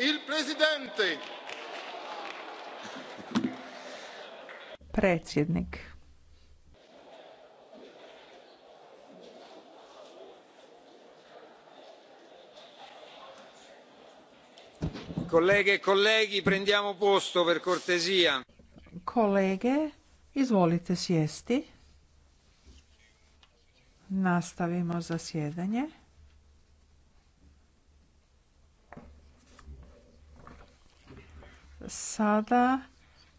il presidente predsjednik kolege i colleghi prendiamo posto per cortesia kolege izvolite sjesti nastavimo zasjedanje sada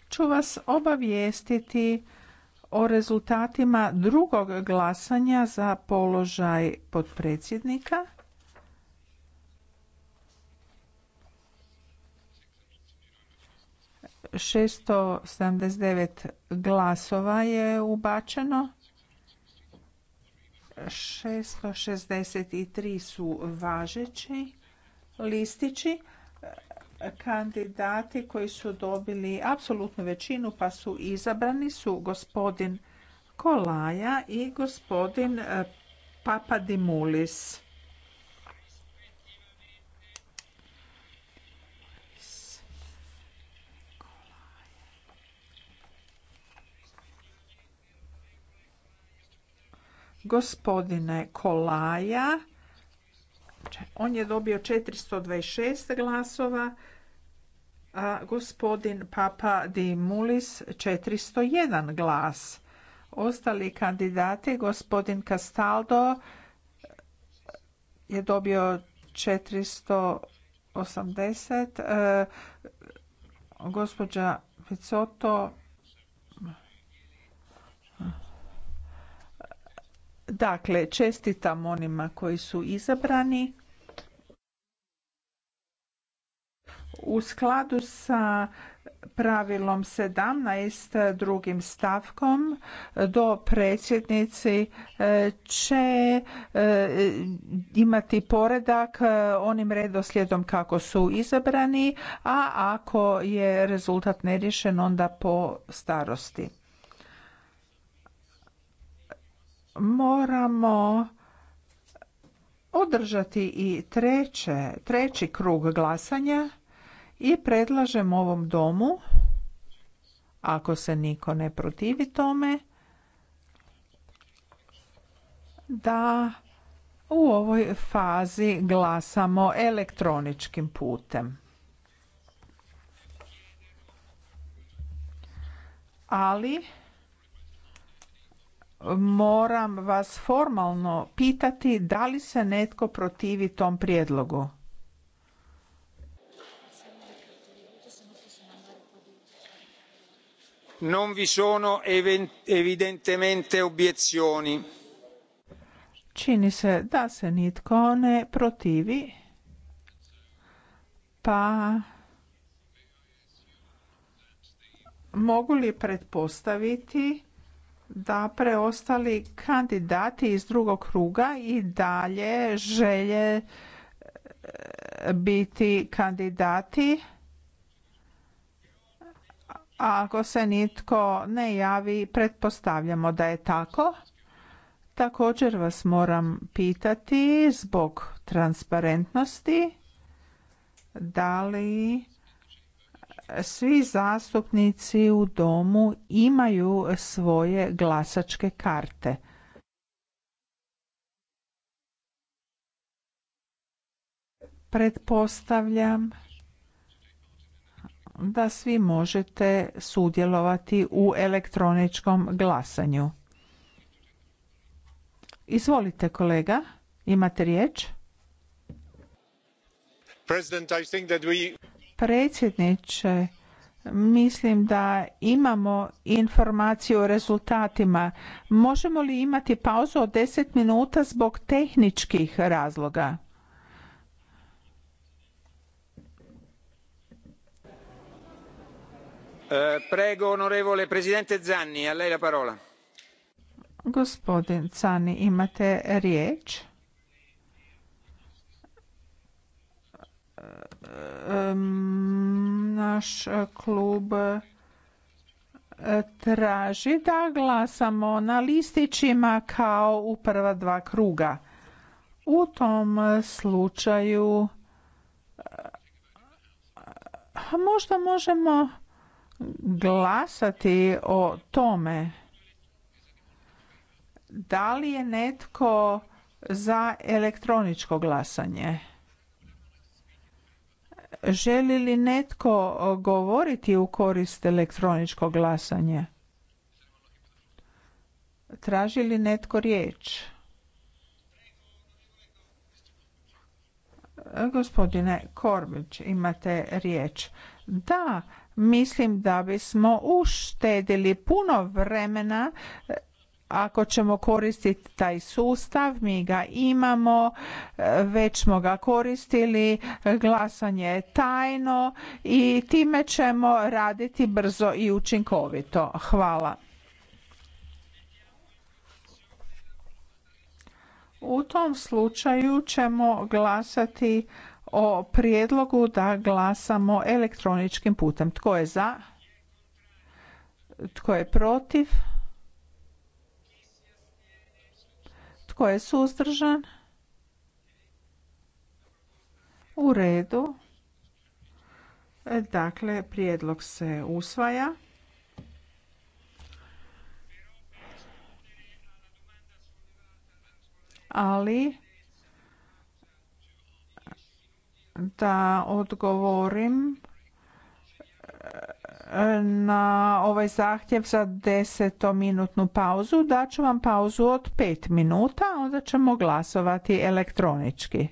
ću vas obavijestiti o rezultatima drugog glasanja za položaj potpredsjednika. šesto sedamdeset devet glasova je ubačeno 663 su važeći listići kandidati koji su dobili apsolutnu većinu pa su izabrani su gospodin Kolaja i gospodin e, Papadimulis. Gospodine Kolaja, on je dobio 426 glasova, a gospodin Papa Di Mulis 401 glas. Ostali kandidati, gospodin Castaldo je dobio 480, e, gospođa Picotto Dakle, čestitam onima koji su izabrani. U skladu sa pravilom 17 drugim stavkom do predsjednici e, će e, imati poredak e, onim redoslijedom kako su izabrani, a ako je rezultat neriješen onda po starosti. Moramo održati i treći krug glasanja i predlažem ovom domu, ako se niko ne protivi tome, da u ovoj fazi glasamo elektroničkim putem. Ali moram vas formalno pitati da li se netko protivi tom prijedlogu. non vi sono evidentemente obiezioni. Čini se da se nitko ne protivi, pa mogu li pretpostaviti da preostali kandidati iz drugog kruga i dalje želje e, biti kandidati? A ako se nitko ne javi, pretpostavljamo da je tako. Također vas moram pitati zbog transparentnosti da li svi zastupnici u domu imaju svoje glasačke karte. Pretpostavljam da svi možete sudjelovati u elektroničkom glasanju. Izvolite kolega, imate riječ. Predsjedniče, mislim da imamo informaciju o rezultatima. Možemo li imati pauzu od 10 minuta zbog tehničkih razloga? Eh, prego, onorevole presidente Zanni, a lei parola. Gospodin Cani, imate riječ? Naš klub eh, traži da glasamo na listićima kao u prva dva kruga. U tom slučaju eh, možda možemo glasati o tome da li je netko za elektroničko glasanje želi li netko govoriti u korist elektroničko glasanje traži li netko riječ gospodine Korbić imate riječ da Mislim da bismo uštedili puno vremena e, ako ćemo koristiti taj sustav, mi ga imamo, e, već smo ga koristili, glasanje je tajno i time ćemo raditi brzo i učinkovito. Hvala. U tom slučaju ćemo glasati o prijedlogu da glasamo elektroničkim putem. Tko je za? Tko je protiv? Tko je suzdržan? U redu. Dakle, prijedlog se usvaja. Ali da odgovorim e, na ovaj zahtjev za desetominutnu pauzu. Daću vam pauzu od pet minuta, onda ćemo glasovati elektronički.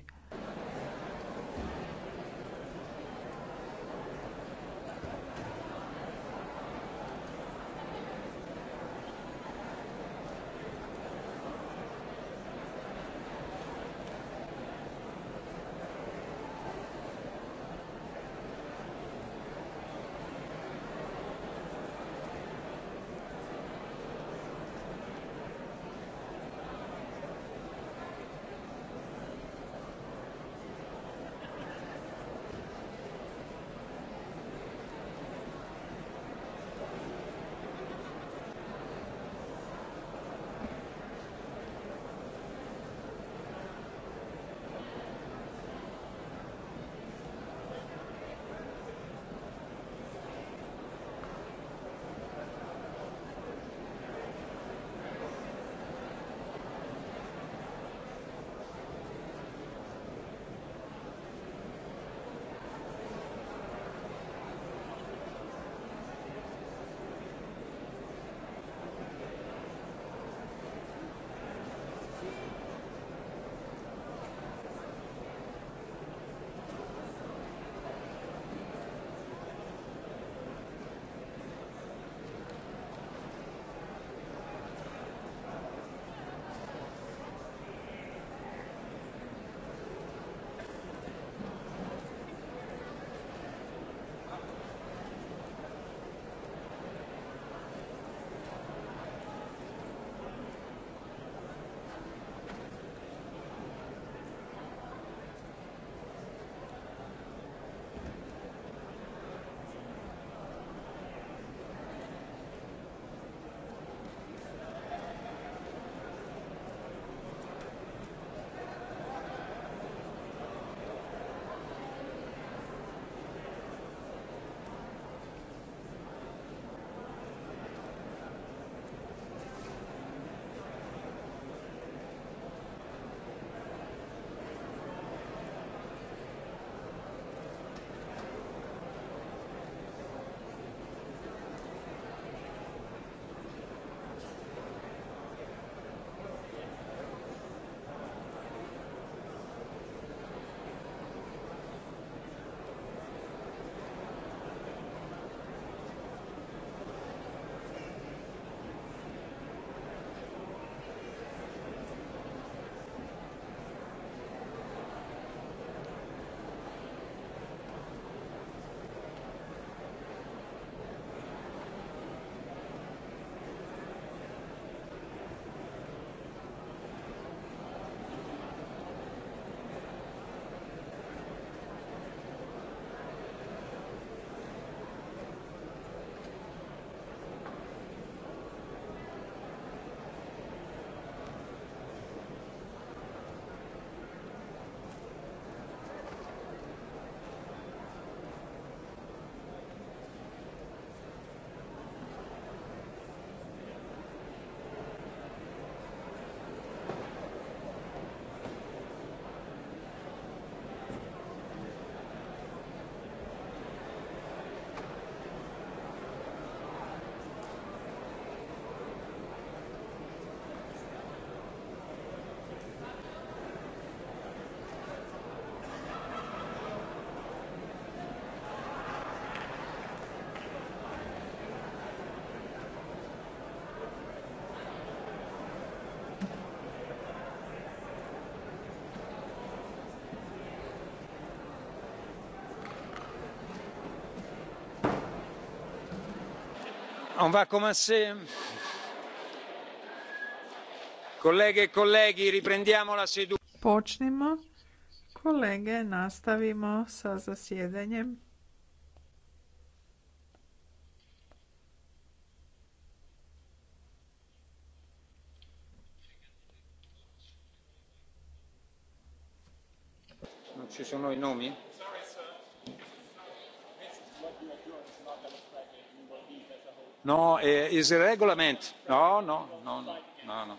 on va commencer. Kolege i e kolegi, riprendiamo la seduta. Počnimo. Kolege, nastavimo sa zasjedanjem. Non ci sono i nomi? no, eh, is a No, no, no, no, no.